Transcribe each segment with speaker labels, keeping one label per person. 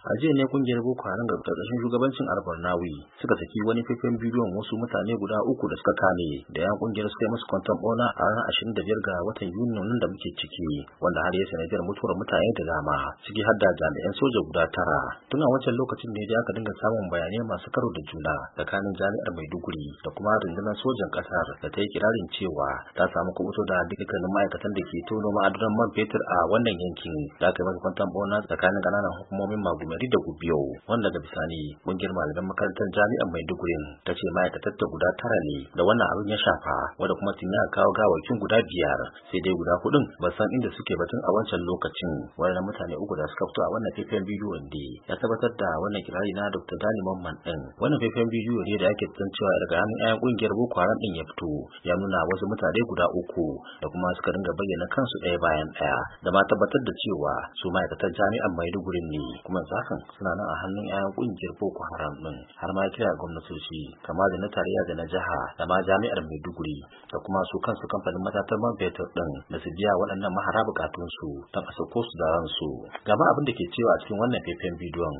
Speaker 1: a jiya ne kungiyar boko haram ga karkashin shugabancin albarnawi suka saki wani faifan bidiyon wasu mutane guda uku da suka kame da yan kungiyar suka yi musu kwanton bona a ranar ashirin da biyar ga watan yuni nan da muke ciki wanda har ya sanadiyar mutuwar mutane da dama ciki har da jami'an soja guda tara tun a wancan lokacin ne da aka dinga samun bayanai masu karo da juna tsakanin jami'ar maiduguri da kuma rundunar sojan kasar da ta yi kirarin cewa ta samu kubuto da dukkanin ma'aikatan da ke tono ma'adunan man fetur a wannan yankin da aka yi masa kwanton bona tsakanin ƙananan hukumomin magudu Maiduguri da yau wanda daga bisani girma malaman makarantar jami'an Maiduguri ta ce ma'aikatar ta guda tara ne da wannan abin ya shafa wanda kuma tun ya kawo gawakin guda biyar sai dai guda hudun ba san inda suke batun a wancan lokacin wannan mutane uku da suka fito a wannan faifayen bidiyo ne ya tabbatar da wannan kirari na Dr. Dani Mamman din wannan faifayen bidiyo ne da ake cewa daga hannun 'ya'yan kungiyar Boko Haram din ya fito ya nuna wasu mutane guda uku da kuma suka dinga bayyana kansu ɗaya bayan ɗaya da ma tabbatar da cewa su ma'aikatar jami'an Maiduguri ne kuma za hakan suna nan a hannun 'ya'yan ƙungiyar boko haram ɗin har ma kira gwamnatoci kama da na tarayya da na jiha da ma jami'ar maiduguri da kuma su kansu kamfanin matatar man fetur ɗin da su biya waɗannan mahara bukatunsu don a sauko su da ransu Gaba abin da ke cewa a cikin wannan faifan bidiyon.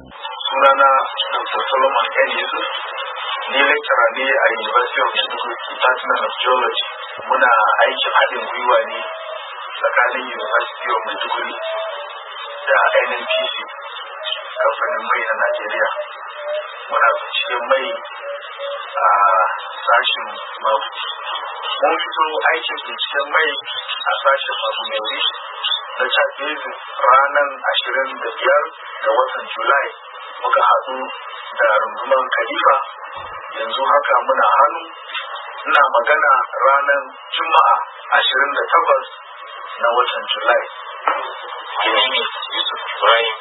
Speaker 1: sunana dr solomon n ni lecturer ne a university of maiduguri department of geology muna aikin haɗin gwiwa ne tsakanin university of maiduguri da nnpc kamfanin mai na najeriya muna cikin mai a sashen mafi mun fito aikin binciken mai a sashen mafi mai na chadbezi ranar ashirin da biyar ga watan julai muka haɗu da rundunar Kalifa, yanzu haka muna hannu ina magana ranar juma'a ashirin da takwas na watan julai Yusuf Ibrahim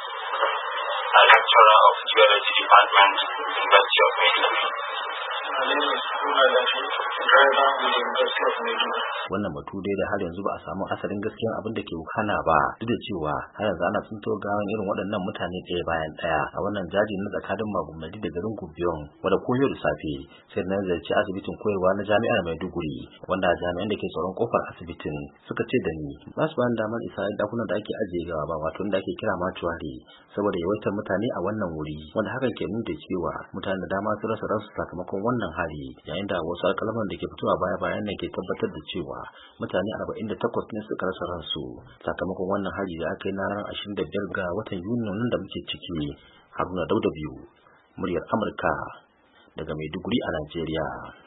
Speaker 1: a lecturer of Geology Department, University of Michigan. wannan batu dai da har yanzu ba a samu asalin gaskiyan abin da ke wukana ba duk da cewa har yanzu ana tsinto gawan irin waɗannan mutane ɗaya bayan ɗaya a wannan jaji na tsakanin magumnati da garin gubiyon wanda ko da safe sai na ziyarci asibitin koyarwa na jami'ar maiduguri wanda jami'an da ke tsaron kofar asibitin suka ce da ni ba su bani damar isa dakunan da ake ajiye gaba ba wato da ake kira matuwari saboda yawaitar mutane a wannan wuri wanda hakan ke nuna cewa mutane da dama su rasa ransu sakamakon wannan hari yayin da wasu alkalaman da ke fitowa baya bayan nan ke tabbatar da cewa mutane 48 ne suka rasa ransu sakamakon wannan hari da aka yi na ran 25 ga watan Yuni nan da muke ciki Haruna Dauda biyu muryar Amurka daga Maiduguri a Najeriya